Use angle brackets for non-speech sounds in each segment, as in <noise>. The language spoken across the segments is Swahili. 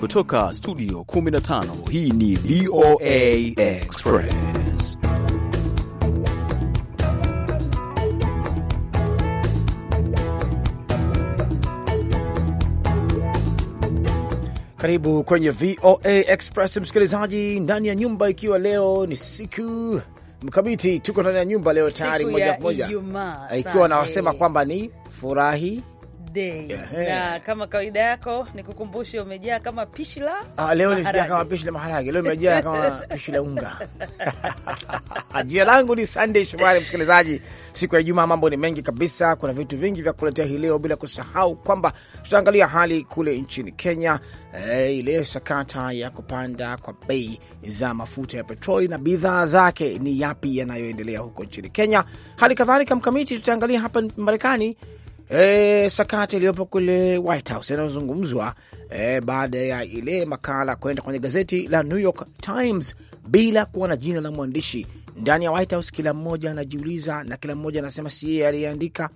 Kutoka studio 15 hii ni VOA Express. Karibu kwenye VOA Express msikilizaji, ndani ya nyumba, ikiwa leo ni siku mkamiti, tuko ndani ya nyumba leo tayari moja kwa moja, ikiwa nawasema kwamba ni furahi Day Na kama kawaida yako nikukumbushe, umejaa kama pishi la ah, leo nimejaa kama pishi la maharage, leo nimejaa kama <laughs> pishi la unga <laughs> Jina langu ni Sunday Shomari. Msikilizaji, siku ya Ijumaa mambo ni mengi kabisa, kuna vitu vingi vya kuletea hii leo, bila kusahau kwamba tutaangalia hali kule nchini Kenya, eh, ile sakata ya kupanda kwa bei za mafuta ya petroli na bidhaa zake, ni yapi yanayoendelea huko nchini Kenya. Hali kadhalika mkamiti, tutaangalia hapa Marekani eh, sakata iliyopo kule White House yanayozungumzwa eh, baada ya ile makala kwenda kwenye gazeti la New York Times bila kuwa na jina la mwandishi ndani ya White House. Kila mmoja anajiuliza na kila mmoja anasema si yeye aliyeandika,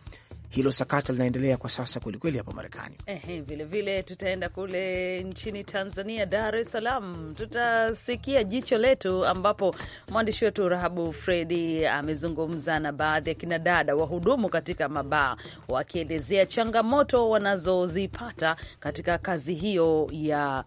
hilo sakata linaendelea kwa sasa kwelikweli hapa Marekani. vilevile tutaenda kule nchini Tanzania, Dar es Salaam, tutasikia jicho letu, ambapo mwandishi wetu Rahabu Fredi amezungumza na baadhi ya kinadada wahudumu katika mabaa wakielezea changamoto wanazozipata katika kazi hiyo ya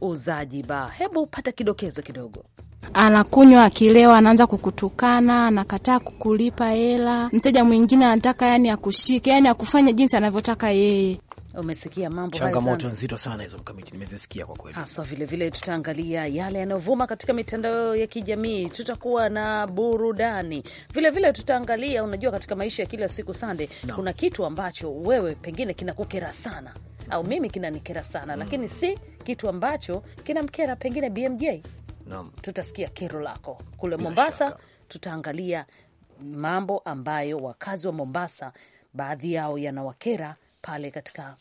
uzaji baa. Hebu pata kidokezo kidogo anakunywa akilewa, anaanza kukutukana, anakataa kukulipa hela. Mteja mwingine anataka yani akushike, yani akufanye jinsi anavyotaka yeye. Umesikia mambo changamoto nzito sana hizo, Mkamiti, nimezisikia kwa kweli haswa. vilevile tutaangalia yale yanayovuma katika mitandao ya kijamii, tutakuwa na burudani vilevile, tutaangalia unajua, katika maisha ya kila siku sande, no. kuna kitu ambacho wewe pengine kinakukera sana au mimi kinanikera sana mm. lakini si kitu ambacho kinamkera pengine BMJ Tutasikia kero lako kule Mombasa, tutaangalia mambo ambayo wakazi wa Mombasa baadhi yao yanawakera pale katika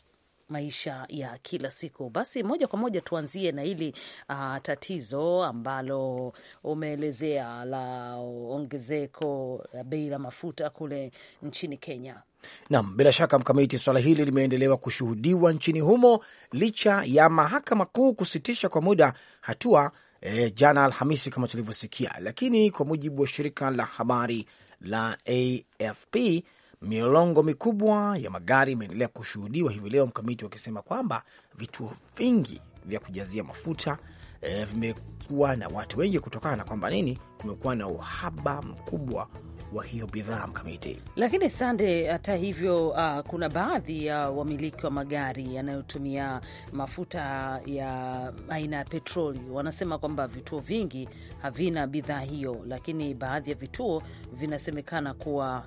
maisha ya kila siku. Basi moja kwa moja tuanzie na hili uh, tatizo ambalo umeelezea la ongezeko la bei la mafuta kule nchini Kenya. Naam, bila shaka mkamiti, swala hili limeendelewa kushuhudiwa nchini humo licha ya mahakama kuu kusitisha kwa muda hatua e, jana Alhamisi kama tulivyosikia. Lakini kwa mujibu wa shirika la habari la AFP, milolongo mikubwa ya magari imeendelea kushuhudiwa hivi leo, mkamiti wakisema kwamba vituo vingi vya kujazia mafuta e, vimekuwa na watu wengi kutokana na kwamba nini, kumekuwa na uhaba mkubwa wa hiyo bidhaa mkamiti. Lakini sande, hata hivyo, uh, kuna baadhi ya uh, wamiliki wa magari yanayotumia mafuta ya aina ya petroli wanasema kwamba vituo vingi havina bidhaa hiyo, lakini baadhi ya vituo vinasemekana kuwa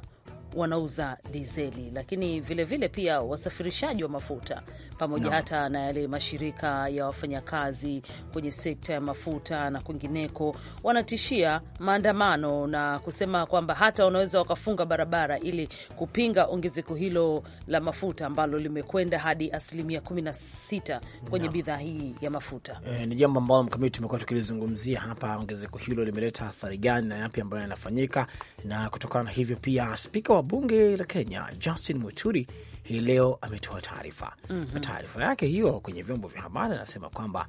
wanauza dizeli, lakini vilevile vile pia wasafirishaji wa mafuta pamoja no. hata na yale mashirika ya wafanyakazi kwenye sekta ya mafuta na kwingineko, wanatishia maandamano na kusema kwamba hata wanaweza wakafunga barabara ili kupinga ongezeko hilo la mafuta ambalo limekwenda hadi asilimia 16 kwenye no. bidhaa hii ya mafuta. E, ni jambo ambalo mkamiti tumekuwa tukilizungumzia hapa, ongezeko hilo limeleta athari gani na yapi ambayo yanafanyika, na kutokana na hivyo pia spika wa bunge la Kenya Justin Muturi hii leo ametoa taarifa mm -hmm. na taarifa yake hiyo kwenye vyombo vya habari anasema kwamba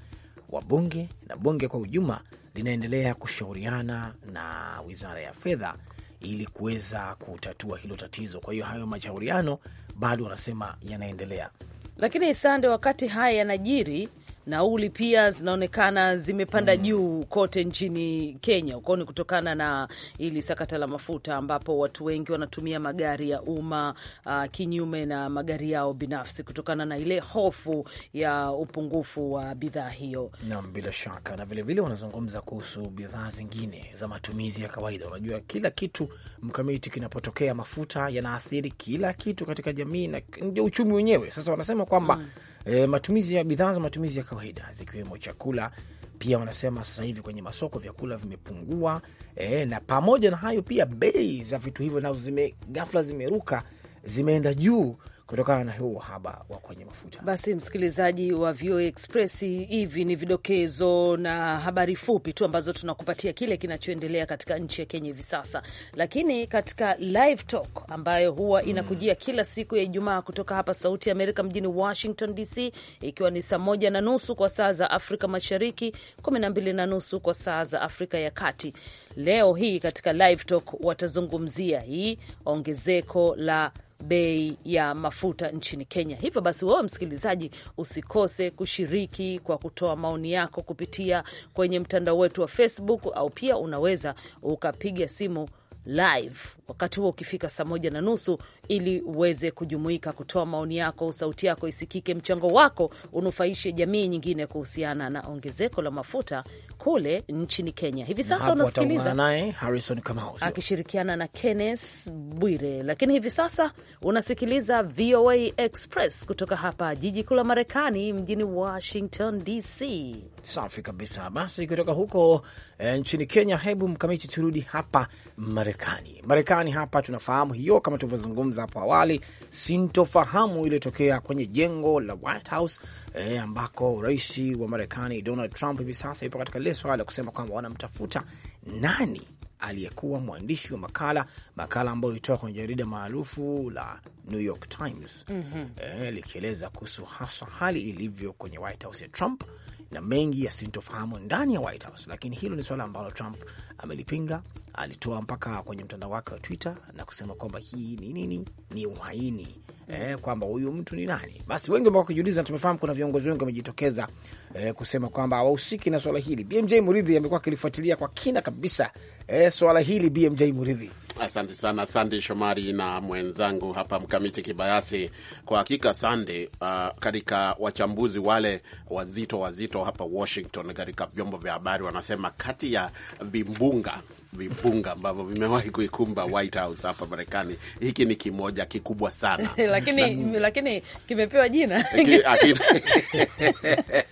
wabunge na bunge kwa ujumla linaendelea kushauriana na wizara ya fedha ili kuweza kutatua hilo tatizo. Kwa hiyo hayo mashauriano bado wanasema yanaendelea, lakini Sande, wakati haya yanajiri, nauli pia zinaonekana zimepanda mm, juu kote nchini Kenya. Huko ni kutokana na ili sakata la mafuta, ambapo watu wengi wanatumia magari ya umma uh, kinyume na magari yao binafsi kutokana na ile hofu ya upungufu wa bidhaa hiyo. Naam, bila shaka, na vilevile wanazungumza kuhusu bidhaa zingine za matumizi ya kawaida. Unajua kila kitu mkamiti, kinapotokea mafuta yanaathiri kila kitu katika jamii na ndio uchumi wenyewe. Sasa wanasema kwamba mm e, matumizi ya bidhaa za matumizi ya kawaida zikiwemo chakula pia wanasema sasa hivi kwenye masoko vyakula vimepungua. E, na pamoja na hayo pia bei za vitu hivyo nazo zime ghafla zimeruka, zimeenda juu kutokana na huu uhaba wa kwenye mafuta. Basi msikilizaji wa VOA Express, hivi ni vidokezo na habari fupi tu ambazo tunakupatia kile kinachoendelea katika nchi ya Kenya hivi sasa, lakini katika live talk ambayo huwa hmm. inakujia kila siku ya Ijumaa kutoka hapa Sauti ya Amerika mjini Washington DC, ikiwa ni saa moja na nusu kwa saa za Afrika Mashariki, kumi na mbili na nusu kwa saa za Afrika ya Kati. Leo hii katika live talk watazungumzia hii ongezeko la bei ya mafuta nchini Kenya. Hivyo basi, wewe msikilizaji, usikose kushiriki kwa kutoa maoni yako kupitia kwenye mtandao wetu wa Facebook, au pia unaweza ukapiga simu live wakati huo ukifika saa moja na nusu ili uweze kujumuika kutoa maoni yako, sauti yako isikike, mchango wako unufaishe jamii nyingine kuhusiana na ongezeko la mafuta kule nchini Kenya. Hivi sasa unasikiliza Harrison Kamau akishirikiana na Kenneth Bwire, lakini hivi sasa unasikiliza VOA Express kutoka hapa jiji kuu la Marekani, mjini Washington DC. Safi kabisa. Basi kutoka huko e, nchini Kenya, hebu mkamiti turudi hapa Marekani. Marekani hapa tunafahamu hiyo, kama tulivyozungumza hapo awali, sintofahamu iliyotokea kwenye jengo la White House e, ambako rais wa Marekani Donald Trump hivi sasa yupo katika lile swala la kusema kwamba wanamtafuta nani aliyekuwa mwandishi wa makala makala ambayo ilitoka kwenye jarida maarufu la New York Times mm -hmm. E, likieleza kuhusu haswa hali ilivyo kwenye White House ya Trump na mengi yasintofahamu ndani ya White House, lakini hilo ni suala ambalo Trump amelipinga alitoa mpaka kwenye mtandao wake wa Twitter na kusema kwamba hii ni nini, ni uhaini eh, kwamba huyu mtu ni nani. Basi wengi ambao kujiuliza, tumefahamu kuna viongozi wengi wamejitokeza eh, kusema kwamba hawahusiki na swala hili. BMJ Muridhi amekuwa akilifuatilia kwa kina kabisa eh, swala hili. BMJ Muridhi. Asante sana Sande Shomari na mwenzangu hapa Mkamiti Kibayasi. Kwa hakika Sande, uh, katika wachambuzi wale wazito wazito hapa Washington katika vyombo vya habari wanasema kati ya vimbunga vimbunga ambavyo vimewahi kuikumba White House hapa Marekani. Hiki ni kimoja kikubwa sana <laughs> lakini, lakini kimepewa jina <laughs> <laughs>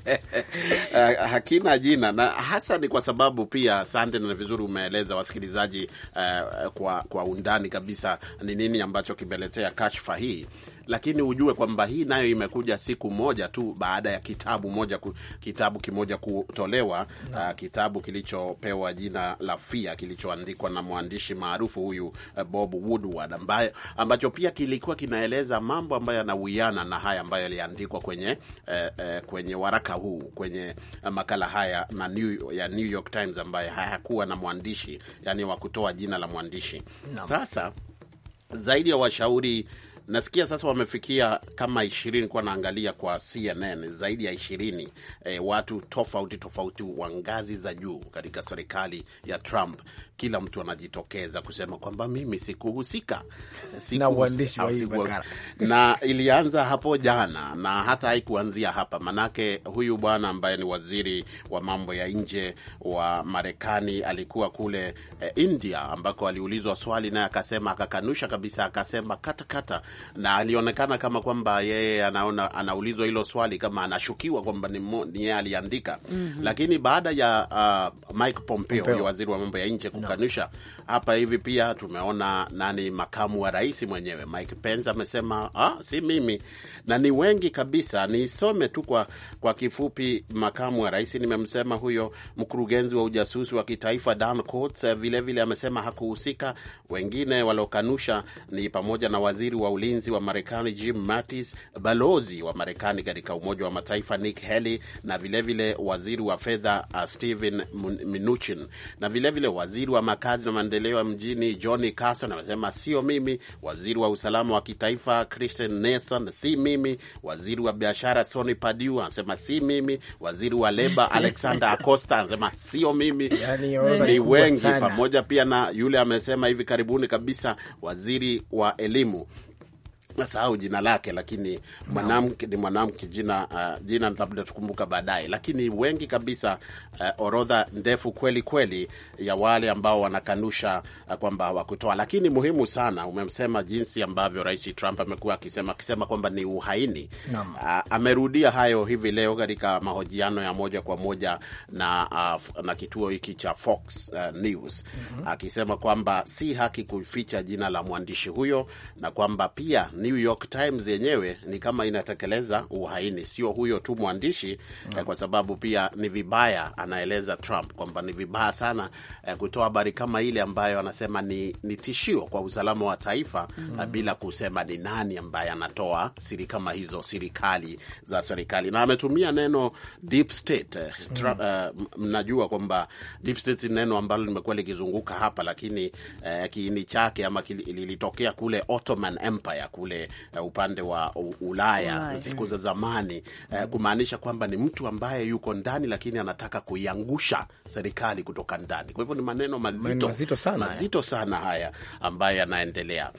eh, hakina jina, na hasa ni kwa sababu pia, sande na vizuri umeeleza wasikilizaji uh, kwa, kwa undani kabisa ni nini ambacho kimeletea kashfa hii lakini ujue kwamba hii nayo imekuja siku moja tu baada ya kitabu moja, kitabu kimoja kutolewa Uh, kitabu kilichopewa jina la Fia kilichoandikwa na mwandishi maarufu huyu uh, Bob Woodward ambayo, ambacho pia kilikuwa kinaeleza mambo ambayo yanawiana na haya ambayo yaliandikwa kwenye uh, uh, kwenye waraka huu kwenye uh, makala haya na New, ya New York Times ambayo hayakuwa na mwandishi yani wa kutoa jina la mwandishi no. Sasa zaidi ya washauri nasikia sasa wamefikia kama ishirini, kuwa naangalia kwa CNN zaidi ya ishirini eh, watu tofauti tofauti wa ngazi za juu katika serikali ya Trump kila mtu anajitokeza kusema kwamba mimi sikuhusika, siku na ilianza hapo jana, na hata haikuanzia hapa, manake huyu bwana ambaye ni waziri wa mambo ya nje wa Marekani alikuwa kule eh, India ambako aliulizwa swali naye akasema, akakanusha kabisa, akasema katakata, na alionekana kama kwamba yeye anaona anaulizwa hilo swali kama anashukiwa kwamba ni yeye aliandika. mm -hmm. Lakini baada ya uh, Mike Pompeo, Pompeo, waziri wa mambo ya nje kukanusha hapa hivi pia tumeona nani, makamu wa rais mwenyewe Mike Pence amesema ah, si mimi, na ni wengi kabisa. Nisome tu kwa, kwa kifupi. Makamu wa rais nimemsema huyo, mkurugenzi wa ujasusi wa kitaifa Dan Coats vilevile eh, vile amesema hakuhusika. Wengine waliokanusha ni pamoja na waziri wa ulinzi wa Marekani Jim Mattis, balozi wa Marekani katika Umoja wa Mataifa Nick Haley na vilevile vile waziri wa fedha uh, Steven Mnuchin na vilevile vile waziri wa makazi na maendeleo mjini Johnny Carson amesema sio mimi, waziri wa usalama wa kitaifa Christian Nelson si mimi, waziri wa biashara Sony padu anasema si mimi, waziri wa leba <laughs> Alexander Acosta anasema sio mimi, yaani ni wengi, pamoja pia na yule amesema hivi karibuni kabisa waziri wa elimu nasahau jina lake, lakini mwanamke ni mwanamke, jina uh, jina labda tukumbuka baadaye, lakini wengi kabisa uh, orodha ndefu kweli kweli ya wale ambao wanakanusha uh, kwamba hawakutoa. Lakini muhimu sana umemsema jinsi ambavyo Rais Trump amekuwa akisema akisema kwamba ni uhaini uh, amerudia hayo hivi leo katika mahojiano ya moja kwa moja na, uh, na kituo hiki cha Fox uh, News mhm. akisema mm -hmm. uh, kwamba si haki kuficha jina la mwandishi huyo na kwamba pia ni New York Times yenyewe ni kama inatekeleza uhaini, sio huyo tu mwandishi eh, mm, eh, kwa sababu pia ni vibaya, anaeleza Trump kwamba ni vibaya sana eh, kutoa habari kama ile ambayo anasema ni, ni tishio kwa usalama wa taifa mm, eh, bila kusema ni nani ambaye anatoa siri kama hizo, serikali za serikali, na ametumia neno deep state. eh, tra, mm, eh, mnajua kwamba deep state ni neno ambalo limekuwa likizunguka hapa, lakini eh, kiini chake ama kilitokea kule Ottoman Empire kule uh, upande wa Ulaya Ulai, siku za zamani uh, kumaanisha kwamba ni mtu ambaye yuko ndani lakini anataka kuiangusha serikali kutoka ndani. Kwa hivyo ni maneno mazito, mazito sana, eh. mazito sana haya ambayo yanaendelea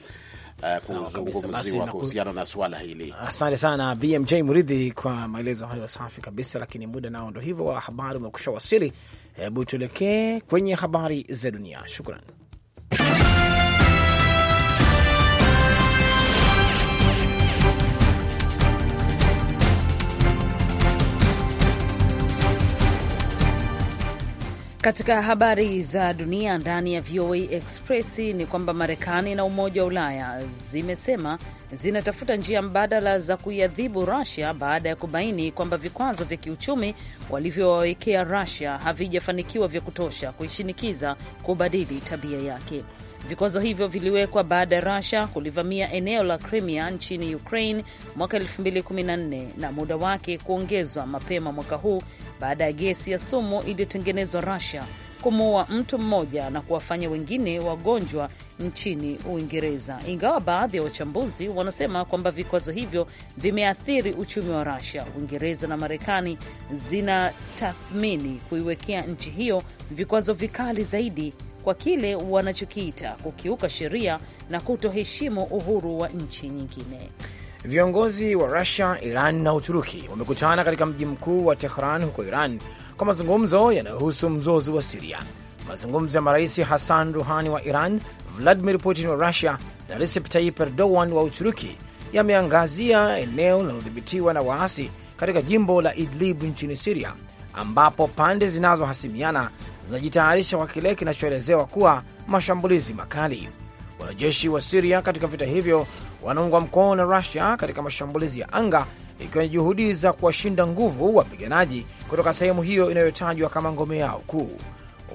kuzungumziwa kuhusiana na swala hili. Asante sana BMJ Muridhi kwa maelezo hayo safi kabisa, lakini muda nao ndo hivyo wa habari umekusha wasili. Hebu tuelekee kwenye habari za dunia. Shukran. Katika habari za dunia ndani ya VOA Express ni kwamba Marekani na Umoja wa Ulaya zimesema zinatafuta njia mbadala za kuiadhibu Russia baada ya kubaini kwamba vikwazo vya kiuchumi walivyowawekea rusia havijafanikiwa vya kutosha kuishinikiza kubadili tabia yake. Vikwazo hivyo viliwekwa baada ya rusia kulivamia eneo la Crimea nchini Ukraine mwaka 2014 na muda wake kuongezwa mapema mwaka huu baada ya gesi ya sumu iliyotengenezwa rasia kumuua mtu mmoja na kuwafanya wengine wagonjwa nchini Uingereza, ingawa baadhi ya wachambuzi wanasema kwamba vikwazo hivyo vimeathiri uchumi wa Russia. Uingereza na Marekani zinatathmini kuiwekea nchi hiyo vikwazo vikali zaidi kwa kile wanachokiita kukiuka sheria na kutoheshimu uhuru wa nchi nyingine. Viongozi wa Rusia, Iran na Uturuki wamekutana katika mji mkuu wa Tehran huko Iran kwa mazungumzo yanayohusu mzozo wa Siria. Mazungumzo ya marais Hassan Ruhani wa Iran, Vladimir Putin wa Rusia na Recep Tayyip Erdogan wa Uturuki yameangazia eneo linalodhibitiwa na waasi katika jimbo la Idlib nchini Siria, ambapo pande zinazohasimiana zinajitayarisha kwa kile kinachoelezewa kuwa mashambulizi makali. Wanajeshi wa Siria katika vita hivyo wanaungwa mkono na Rusia katika mashambulizi ya anga, ikiwa ni juhudi za kuwashinda nguvu wapiganaji kutoka sehemu hiyo inayotajwa kama ngome yao kuu.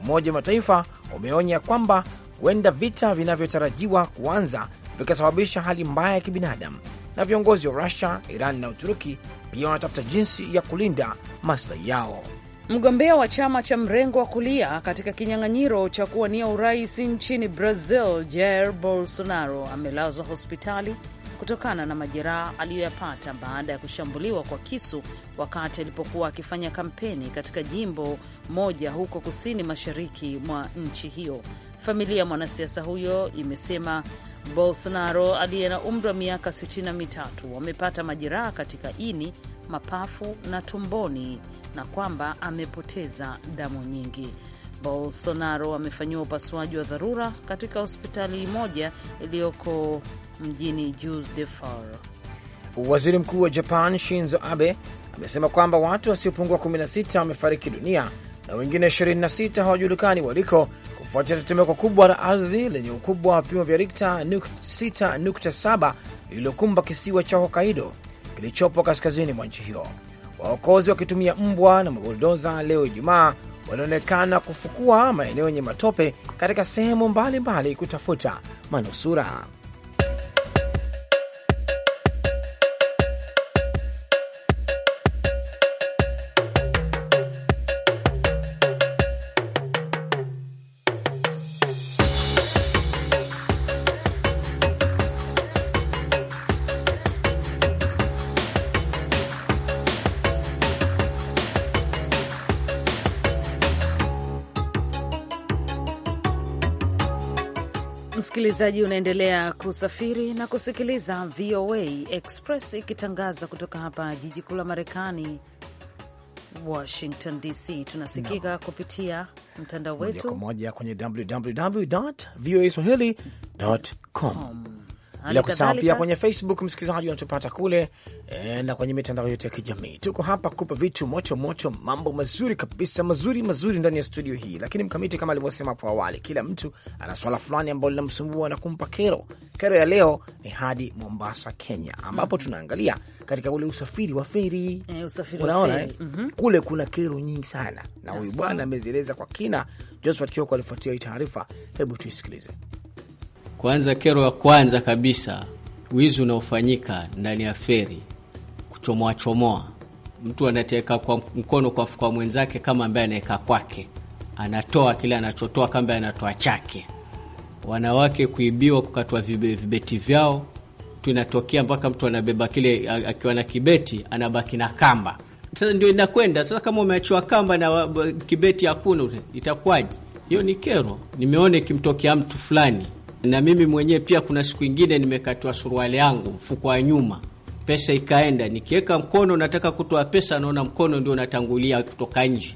Umoja wa Mataifa umeonya kwamba huenda vita vinavyotarajiwa kuanza vikasababisha hali mbaya ya kibinadamu, na viongozi wa Rusia, Iran na Uturuki pia wanatafuta jinsi ya kulinda maslahi yao. Mgombea wa chama cha mrengo wa kulia katika kinyang'anyiro cha kuwania urais nchini Brazil, Jair Bolsonaro amelazwa hospitali kutokana na majeraha aliyoyapata baada ya kushambuliwa kwa kisu wakati alipokuwa akifanya kampeni katika jimbo moja huko kusini mashariki mwa nchi hiyo. Familia ya mwanasiasa huyo imesema Bolsonaro aliye na umri wa miaka sitini na mitatu wamepata majeraha katika ini mapafu na tumboni na kwamba amepoteza damu nyingi. Bolsonaro amefanyiwa upasuaji wa dharura katika hospitali moja iliyoko mjini Juiz de Fora. Waziri Mkuu wa Japan Shinzo Abe amesema kwamba watu wasiopungua 16 wamefariki dunia na wengine 26 hawajulikani waliko kufuatia tetemeko kubwa la ardhi lenye ukubwa wa vipimo vya Rikta 6.7 lililokumba kisiwa cha Hokaido kilichopo kaskazini mwa nchi hiyo. Waokozi wakitumia mbwa na mabuldoza leo Ijumaa walionekana kufukua maeneo yenye matope katika sehemu mbalimbali kutafuta manusura. Msikilizaji, unaendelea kusafiri na kusikiliza VOA Express ikitangaza kutoka hapa jiji kuu la Marekani, Washington DC. Tunasikika no. kupitia mtandao wetu moja kwa moja kwenye www voa swahili.com bila kusahau pia kwenye Facebook, msikilizaji unatupata kule e, na kwenye mitandao yote ya kijamii. Tuko hapa kupa vitu moto moto, mambo mazuri kabisa, mazuri mazuri ndani ya studio hii. Lakini mkamiti, kama alivyosema hapo awali, kila mtu ana swala fulani ambalo linamsumbua na kumpa kero. Kero ya leo ni hadi Mombasa, Kenya, ambapo mm -hmm. tunaangalia katika ule usafiri wa feri eh, usafiri unaona eh? mm -hmm. kule kuna kero nyingi sana, na huyu bwana amezieleza kwa kina. Josephat Kioko alifuatia hii taarifa, hebu tuisikilize. Kwanza, kero ya kwanza kabisa, wizi unaofanyika ndani ya feri, kuchomoa chomoa, mtu anateka kwa mkono kwa, kwa mwenzake kama ambaye anaweka kwake, anatoa kile anachotoa kama ambaye anatoa chake. Wanawake kuibiwa, kukatwa vibeti vyao, mtu inatokea mpaka mtu anabeba kile akiwa na kibeti, anabaki na kamba. Sasa ndio inakwenda sasa. Kama umeachiwa kamba na uh, kibeti hakuna, itakuwaje? Hiyo ni kero, nimeona ikimtokea mtu fulani na mimi mwenyewe pia, kuna siku ingine nimekatwa suruali yangu mfuko wa nyuma, pesa ikaenda, nikiweka mkono nataka kutoa pesa, naona mkono ndio unatangulia kutoka nje,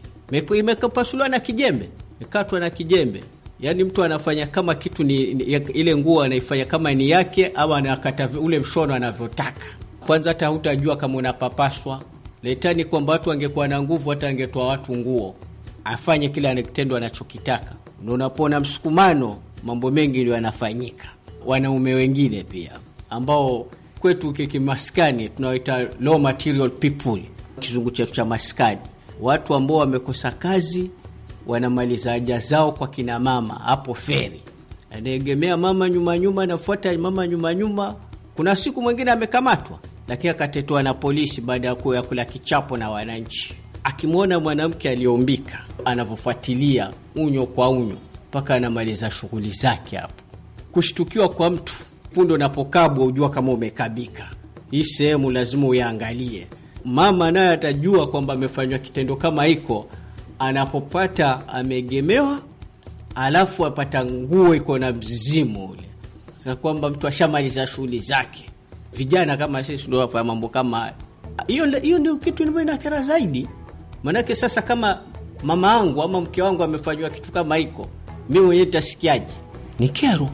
imekapasuliwa na kijembe, ikatwa na kijembe. Yaani mtu anafanya kama kitu ni, ni ile nguo anaifanya kama ni yake, au anakata ule mshono anavyotaka. Kwanza hata hutajua kama unapapaswa. Letani kwamba watu wangekuwa na nguvu, hata angetoa watu nguo afanye kile kitendo anachokitaka. Unapona msukumano mambo mengi ndio yanafanyika. Wanaume wengine pia ambao kwetu kikimaskani tunaoita low material people, kizungu chetu cha maskani, watu ambao wamekosa kazi wanamaliza haja zao kwa kina mama hapo feri, anaegemea mama nyuma nyuma, anafuata mama nyuma nyuma. Kuna siku mwingine amekamatwa, lakini akatetewa na polisi baada ya kula kichapo na wananchi, akimwona mwanamke aliyoumbika anavyofuatilia unyo kwa unyo mpaka anamaliza shughuli zake hapo. Kushtukiwa kwa mtu punde unapokabwa, ujua kama umekabika. Hii sehemu lazima uyaangalie. Mama naye atajua kwamba amefanywa kitendo kama hiko anapopata amegemewa, alafu apata nguo iko na mzizimu ule, sasa kwamba mtu ashamaliza shughuli zake. Vijana kama sisi tunafanya mambo kama hiyo, hiyo ndio kitu ambayo inakera zaidi. Maanake sasa kama mama angu ama mke wangu amefanywa kitu kama hiko mimi mwenyewe tutasikiaje? Ni kero,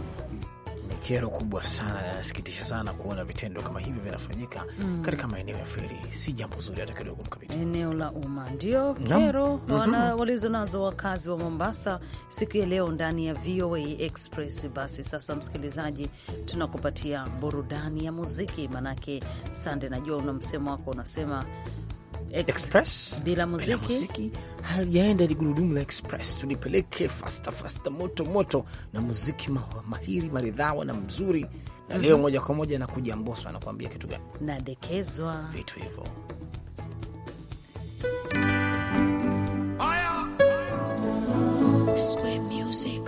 ni kero kubwa sana, nasikitisha sana kuona vitendo kama hivyo vinafanyika mm. katika maeneo ya feri. Si jambo zuri hata kidogo, mkabiti eneo la umma. Ndio kero mm -hmm. walizo nazo wakazi wa Mombasa siku ya leo ndani ya VOA Express. Basi sasa, msikilizaji, tunakupatia burudani ya muziki, manake Sande, najua una msemo wako unasema Express bila muziki, muziki ni ligurudumu la Express, tulipeleke fasta fasta moto moto na muziki mahiri maridhawa na mzuri na mm -hmm. Leo moja kwa moja na kuja Mbosso anakuambia kitu gani? Nadekezwa vitu hivyo music.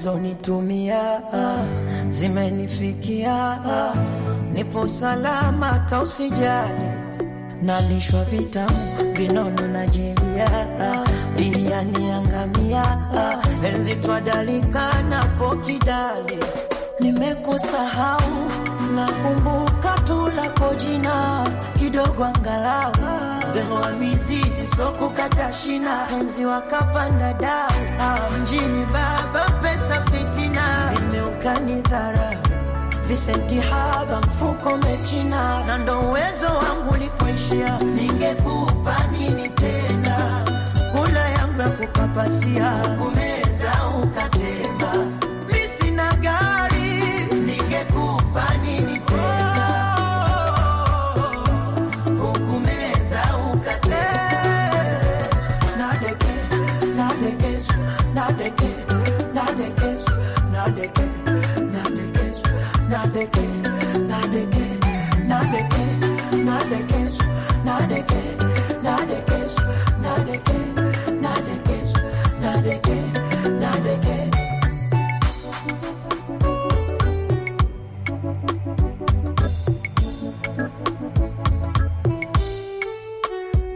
ulizonitumia ah, zimenifikia, ah, nipo salama, hata usijali, nalishwa vitamu, vinono na jelia, ah, biriani ya ngamia, twadalika, napo kidali, nimekusahau, nakumbuka tu lako jina kidogo angalau bewa mizizi kukata shina, enzi wakapanda dau mjini baba pesa fitina, nimeukani dhara visenti haba mfuko mechina, na ndo uwezo wangu lipoishia, ningekupa nini tena? Kula yangu ya kukapasia kumeza ukate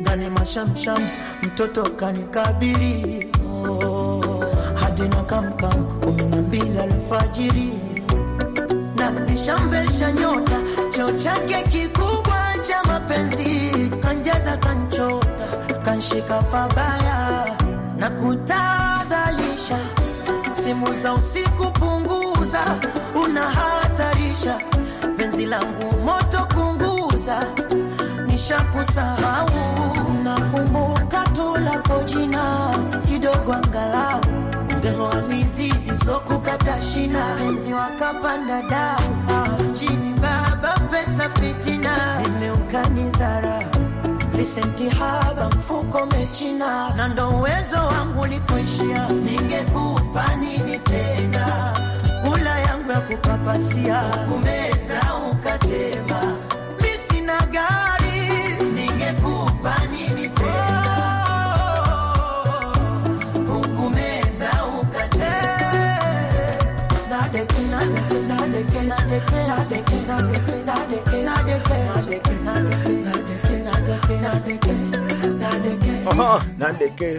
Ndani mashamsham mtoto kanikabili kamka kumi na mbili alfajiri na nishambesha nyota cheo chake kikubwa cha mapenzi kanjaza kanchota kanshika pabaya na kutadhalisha simu za usiku punguza unahatarisha penzi langu moto kunguza nishakusahau na kumbu mizizi so kukata shina, penzi wakapanda dau mjini, ah. baba pesa fitina, imeukani dhara visenti haba mfuko mechina, na ndo uwezo wangu likuishia, ningekupa nini tena? Kula yangu ya kupapasia, kumeza ukatema Nadeke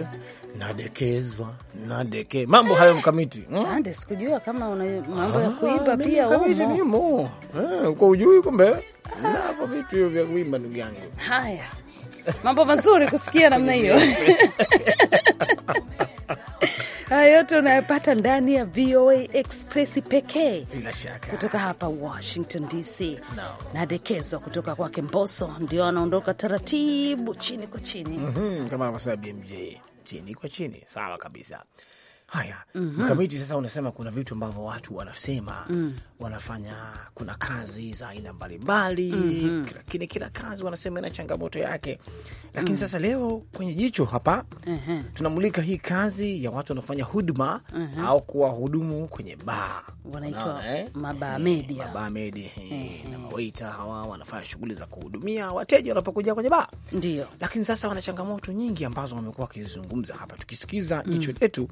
nadekezwa nadeke mambo hayo mkamiti. Hmm? Asante, sikujua kama una mambo ya ah, kuimba pia umo. Nimo. Eh, uko ujui kumbe? Napo vitu hivyo vya kuimba ndugu yangu. Haya. Mambo mazuri kusikia namna hiyo. <laughs> Haya yote unayapata ndani ya VOA Express pekee, kutoka hapa Washington DC no. Nadekezwa kutoka kwake Mboso, ndio anaondoka taratibu chini kwa chini, mm -hmm, kama anavyosema BMJ, chini kwa chini, sawa kabisa. Haya, mm -hmm. Mkamiti, sasa unasema kuna vitu ambavyo watu wanasema mm. wanafanya, kuna kazi za aina mbalimbali mm -hmm. lakini kila kazi wanasema ina changamoto yake, lakini mm. -hmm. sasa leo kwenye jicho hapa mm -hmm. tunamulika hii kazi ya watu wanaofanya huduma mm -hmm. au kuwa hudumu kwenye baa, wanaitwa eh? mabaa eh, media, mabaa media eh, na mawaita hawa wanafanya shughuli za kuhudumia wateja wanapokuja kwenye baa, ndio. Lakini sasa wana changamoto nyingi ambazo wamekuwa wakizungumza hapa, tukisikiza mm. jicho mm. letu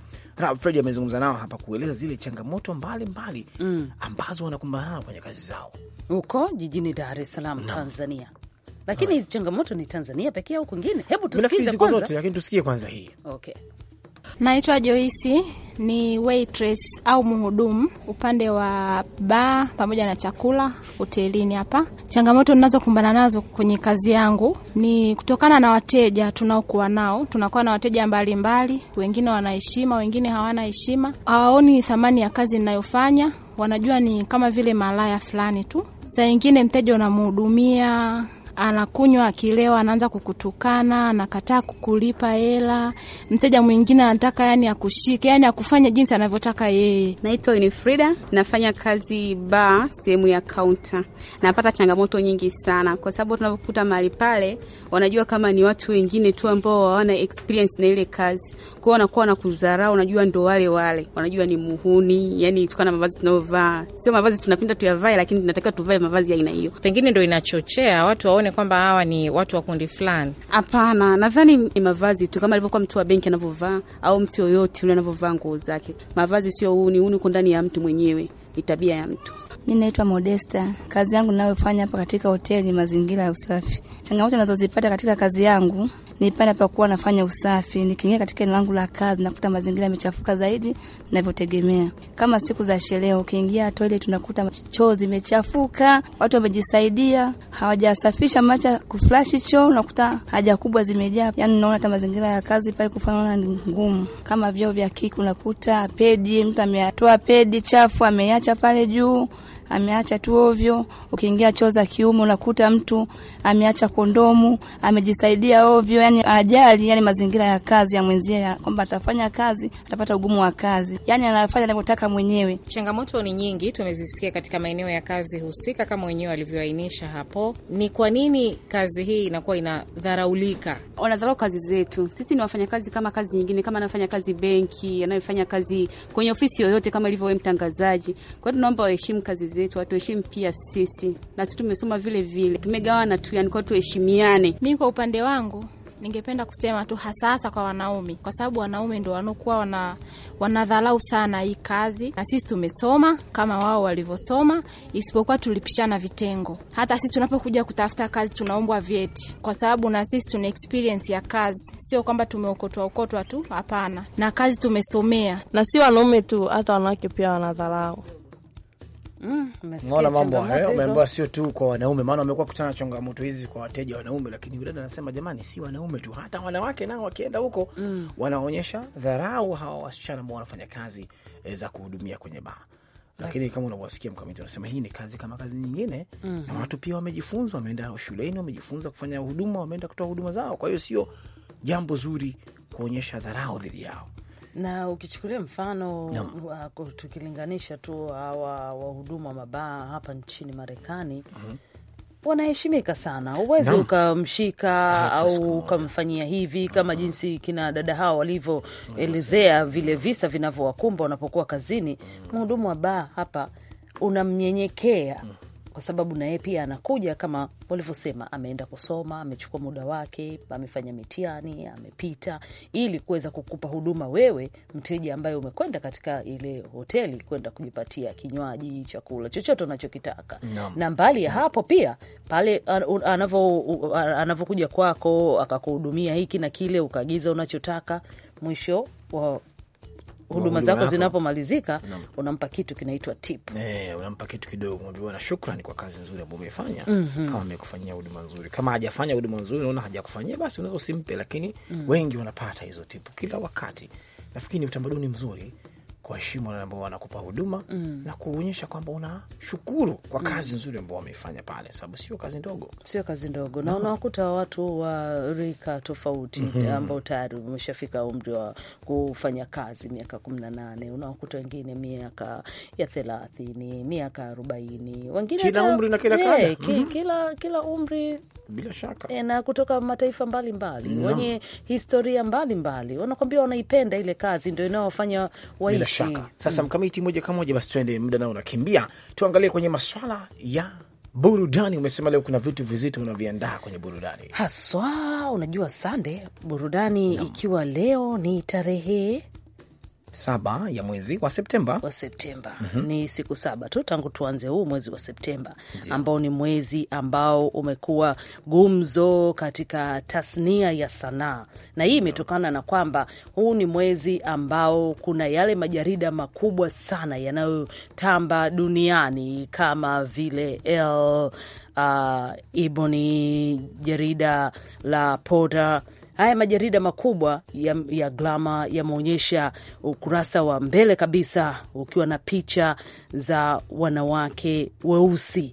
Club amezungumza nao hapa kueleza zile changamoto mbalimbali mm. ambazo wanakumbana nao kwenye kazi zao huko jijini Dar es Salaam no. Tanzania. Lakini hizi changamoto ni Tanzania pekee au kwingine? Hebu tusikize kwanza, lakini tusikie kwanza hii okay. Naitwa Joisi, ni waitress au mhudumu upande wa baa pamoja na chakula hotelini hapa. Changamoto ninazokumbana nazo kwenye kazi yangu ni kutokana na wateja tunaokuwa nao. Tunakuwa na wateja mbalimbali, wengine wanaheshima, wengine hawana heshima, hawaoni thamani ya kazi ninayofanya wanajua ni kama vile malaya fulani tu. Saa ingine mteja unamhudumia anakunywa, akilewa anaanza kukutukana, anakataa kukulipa hela. Mteja mwingine anataka yani akushike, yani akufanya jinsi anavyotaka yeye. Naitwa Winifrida, nafanya kazi ba sehemu ya kaunta. Napata changamoto nyingi sana, kwa sababu tunavyokuta mahali pale, wanajua kama ni watu wengine tu ambao hawana experience na ile kazi, kwao wanakuwa wanakudharau. Unajua ndo wale wale, wanajua ni muhuni, yani tukana mavazi tunayovaa sio mavazi tunapenda tuyavae, lakini tunatakiwa tuvae mavazi ya aina hiyo, pengine ndo inachochea watu waone uone kwamba hawa ni watu wa kundi fulani. Hapana, nadhani ni mavazi tu, kama alivyokuwa mtu wa benki anavyovaa au mtu yoyote yule anavyovaa nguo zake. Mavazi sio uni, uni uko ndani ya mtu mwenyewe, ni tabia ya mtu. Mi naitwa Modesta. Kazi yangu ninayofanya hapa katika hoteli, mazingira ya usafi. Changamoto nazozipata katika kazi yangu ni pale napokuwa nafanya usafi. Nikiingia katika eneo langu la kazi, nakuta mazingira yamechafuka zaidi navyotegemea. Kama siku za sherehe, ukiingia toilet unakuta choo zimechafuka, watu wamejisaidia, hawajasafisha macha kuflashi choo, unakuta haja kubwa zimejaa. Yani naona hata mazingira ya kazi pale kufanana ni ngumu. Kama vyoo vya kiki, unakuta pedi, mtu ametoa pedi chafu ameacha pale juu ameacha tu ovyo. Ukiingia choo za kiume unakuta mtu ameacha kondomu, amejisaidia ovyo, yani ajali, yani mazingira ya kazi ya mwenzie, kwamba atafanya kazi atapata ugumu wa kazi, yani anafanya anavyotaka mwenyewe. Changamoto ni nyingi, tumezisikia katika maeneo ya kazi husika kama wenyewe walivyoainisha hapo. Ni kwa nini kazi hii inakuwa inadharaulika? Wanadharau kazi zetu, sisi ni wafanyakazi kama kazi nyingine, kama anafanya kazi benki, anayefanya kazi kwenye ofisi yoyote, kama ilivyo mtangazaji. Kwa hiyo tunaomba waheshimu kazi wenzetu, watuheshimu pia sisi, na sisi tumesoma vile vile, tumegawana tu, yani kwa tuheshimiane. Mi kwa upande wangu ningependa kusema tu hasa hasa kwa wanaume, kwa sababu wanaume ndo wanaokuwa wana wanadharau sana hii kazi, na sisi tumesoma kama wao walivyosoma, isipokuwa tulipishana vitengo. Hata sisi tunapokuja kutafuta kazi tunaombwa vyeti, kwa sababu na sisi tuna experience ya kazi, sio kwamba tumeokotwa okotwa tu, hapana, na kazi tumesomea. Na si wanaume tu, hata wanawake pia wanadharau Unaona mm, mambo hayo ameambiwa sio tu kwa wanaume, maana wamekuwa kutana changamoto hizi kwa wateja wanaume, lakini yule anasema jamani, si wanaume tu, hata wanawake nao wakienda huko mm, wanaonyesha dharau hawa wasichana ambao wanafanya kazi eh, za kuhudumia kwenye baa lakini kama unavyosikia mkamiti hii ni kazi kama kazi nyingine mm -hmm. Na watu pia wamejifunza, wameenda shuleni, wamejifunza kufanya huduma, wameenda kutoa huduma zao. Kwa hiyo sio jambo zuri kuonyesha dharau dhidi yao na ukichukulia mfano no. tukilinganisha tu hawa wahudumu wa mabaa hapa nchini Marekani mm -hmm wanaheshimika sana, uwezi no. ukamshika ah, au ukamfanyia hivi kama mhm. jinsi kina dada hao walivyoelezea vile visa vinavyowakumba wanapokuwa kazini. Mhm. Mhudumu wa baa hapa unamnyenyekea mm kwa sababu naye pia anakuja kama walivyosema, ameenda kusoma, amechukua muda wake, amefanya mitihani, amepita, ili kuweza kukupa huduma wewe mteja ambaye umekwenda katika ile hoteli kwenda kujipatia kinywaji, chakula chochote unachokitaka no. na mbali ya hapo pia pale anavyokuja kwako akakuhudumia hiki na kile, ukaagiza unachotaka mwisho wa huduma zako zinapomalizika unampa kitu kinaitwa tip. Eh, unampa kitu kidogo, unamwambia shukrani kwa kazi nzuri ambayo umefanya. mm -hmm. Kama amekufanyia huduma nzuri, kama hajafanya huduma nzuri, unaona hajakufanyia, basi unaweza usimpe, lakini mm -hmm. wengi wanapata hizo tip kila wakati. Nafikiri ni utamaduni mzuri kuheshimu wale ambao wanakupa huduma mm. na kuonyesha kwamba unashukuru kwa kazi mm. nzuri ambao wameifanya pale, sababu sio kazi ndogo, sio kazi ndogo no. na unawakuta watu wa rika tofauti mm -hmm. ambao tayari umeshafika umri wa kufanya kazi miaka kumi na nane, unawakuta wengine miaka ya thelathini, miaka arobaini, wengine kila umri na kila eh, kada ki, mm -hmm. kila, kila umri bila shaka eh, na kutoka mataifa mbalimbali wenye mbali, no. historia mbalimbali wanakwambia wanaipenda ile kazi, ndio inaowafanya waishi shaka mm. Sasa mm. Mkamiti, moja kwa moja basi tuende, muda nao unakimbia, tuangalie kwenye maswala ya burudani. Umesema leo kuna vitu vizito unaviandaa kwenye burudani haswa. Unajua sande burudani no. ikiwa leo ni tarehe saba ya mwezi wa Septemba, wa Septemba. Mm -hmm. Ni siku saba tu tangu tuanze huu mwezi wa Septemba ambao ni mwezi ambao umekuwa gumzo katika tasnia ya sanaa, na hii imetokana na kwamba huu ni mwezi ambao kuna yale majarida makubwa sana yanayotamba duniani kama vile l uh, Ebony, jarida la Porter haya majarida makubwa ya, ya Glama yameonyesha ukurasa wa mbele kabisa ukiwa na picha za wanawake weusi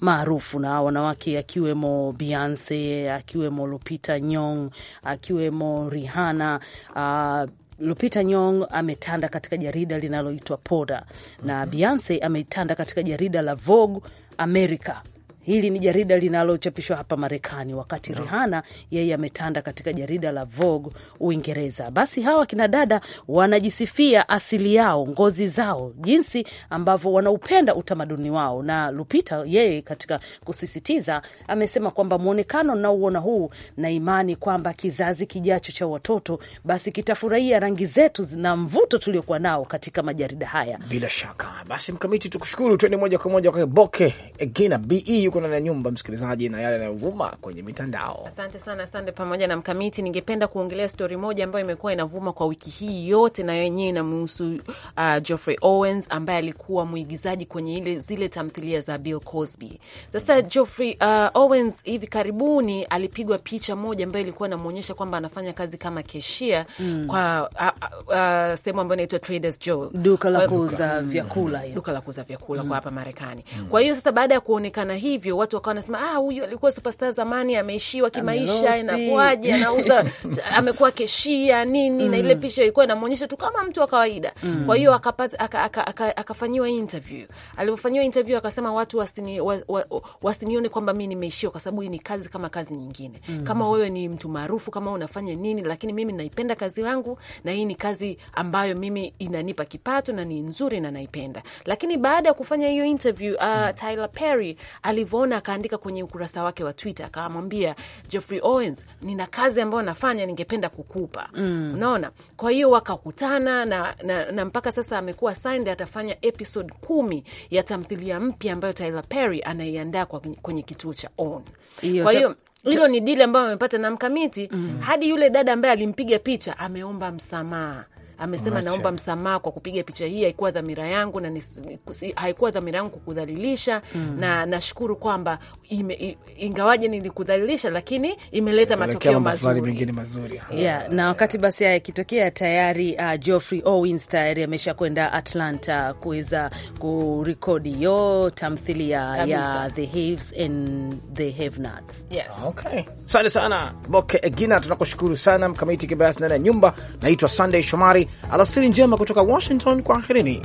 maarufu na wanawake akiwemo Beyonce, akiwemo Lupita Nyong, akiwemo Rihanna. Uh, Lupita Nyong ametanda katika jarida linaloitwa Poda na Beyonce ametanda katika jarida la Vogue America Hili ni jarida linalochapishwa hapa Marekani, wakati no. Rihanna yeye ametanda katika jarida la Vogue Uingereza. Basi hawa kina dada wanajisifia asili yao, ngozi zao, jinsi ambavyo wanaupenda utamaduni wao. Na Lupita yeye katika kusisitiza amesema kwamba mwonekano nauona huu na imani kwamba kizazi kijacho cha watoto basi kitafurahia rangi zetu na mvuto tuliokuwa nao katika majarida haya. Bila shaka basi, Mkamiti, tukushukuru, tuende moja kwa moja kwa Boke Egina be ndani ya nyumba msikilizaji, na yale yanayovuma kwenye mitandao. Asante sana asante pamoja na Mkamiti. Ningependa kuongelea stori moja ambayo imekuwa inavuma kwa wiki hii yote, na yenyewe inamhusu uh, Geoffrey Owens ambaye alikuwa mwigizaji kwenye ile zile tamthilia za Bill Cosby. Sasa mm-hmm. Geoffrey uh, Owens hivi karibuni alipigwa picha moja ambayo ilikuwa inamwonyesha kwamba anafanya kazi kama keshia mm. kwa uh, uh, uh, sehemu ambayo inaitwa Trader's Joe, duka la uh, kuuza mm. vyakula, duka la kuuza vyakula kwa mm. hapa Marekani. Mm. Kwa hiyo sasa baada ya kuonekana hivi hivyo watu wakawa wanasema, ah, huyu alikuwa superstar zamani, ameishiwa kimaisha, inakuaje anauza <laughs> amekuwa keshia nini? mm. na ile picha ilikuwa inamwonyesha tu kama mtu wa kawaida mm. kwa hiyo akapata akafanyiwa interview. Alivyofanyiwa interview akasema, watu wasini, wa, wa, wasinione kwamba mi nimeishiwa, kwa sababu hii ni kazi kama kazi nyingine mm. kama wewe ni mtu maarufu, kama unafanya nini, lakini mimi naipenda kazi yangu, na hii ni kazi ambayo mimi inanipa kipato na ni nzuri na naipenda. Lakini baada ya kufanya hiyo interview uh, mm. Tyler Perry alivyo alivyoona akaandika kwenye ukurasa wake wa Twitter akamwambia Jeffrey Owens, nina kazi ambayo nafanya, ningependa kukupa mm. Unaona, kwa hiyo wakakutana na, na, na mpaka sasa amekuwa signed, atafanya episode kumi ya tamthilia mpya ambayo Tyler Perry anaiandaa kwenye kituo cha On. Kwa hiyo hilo ni dili ambayo amepata na mkamiti mm. Hadi yule dada ambaye alimpiga picha ameomba msamaha amesema Richard, naomba msamaha kwa kupiga picha hii, haikuwa dhamira yangu na haikuwa dhamira yangu kukudhalilisha mm. na nashukuru kwamba ingawaje nilikudhalilisha, lakini imeleta matokeo mazuri, mazuri. Yeah, na wakati basi haya ikitokea tayari uh, Geoffrey Owens tayari amesha kwenda Atlanta kuweza kurekodi hiyo tamthilia ya, ya The Haves and The Have-Nots. Yes. Okay. Asante sana Boke Egina, tunakushukuru sana mkamiti kibayasi ndani ya nyumba. Naitwa Sunday Shomari Alasiri njema kutoka Washington, kwa akhirini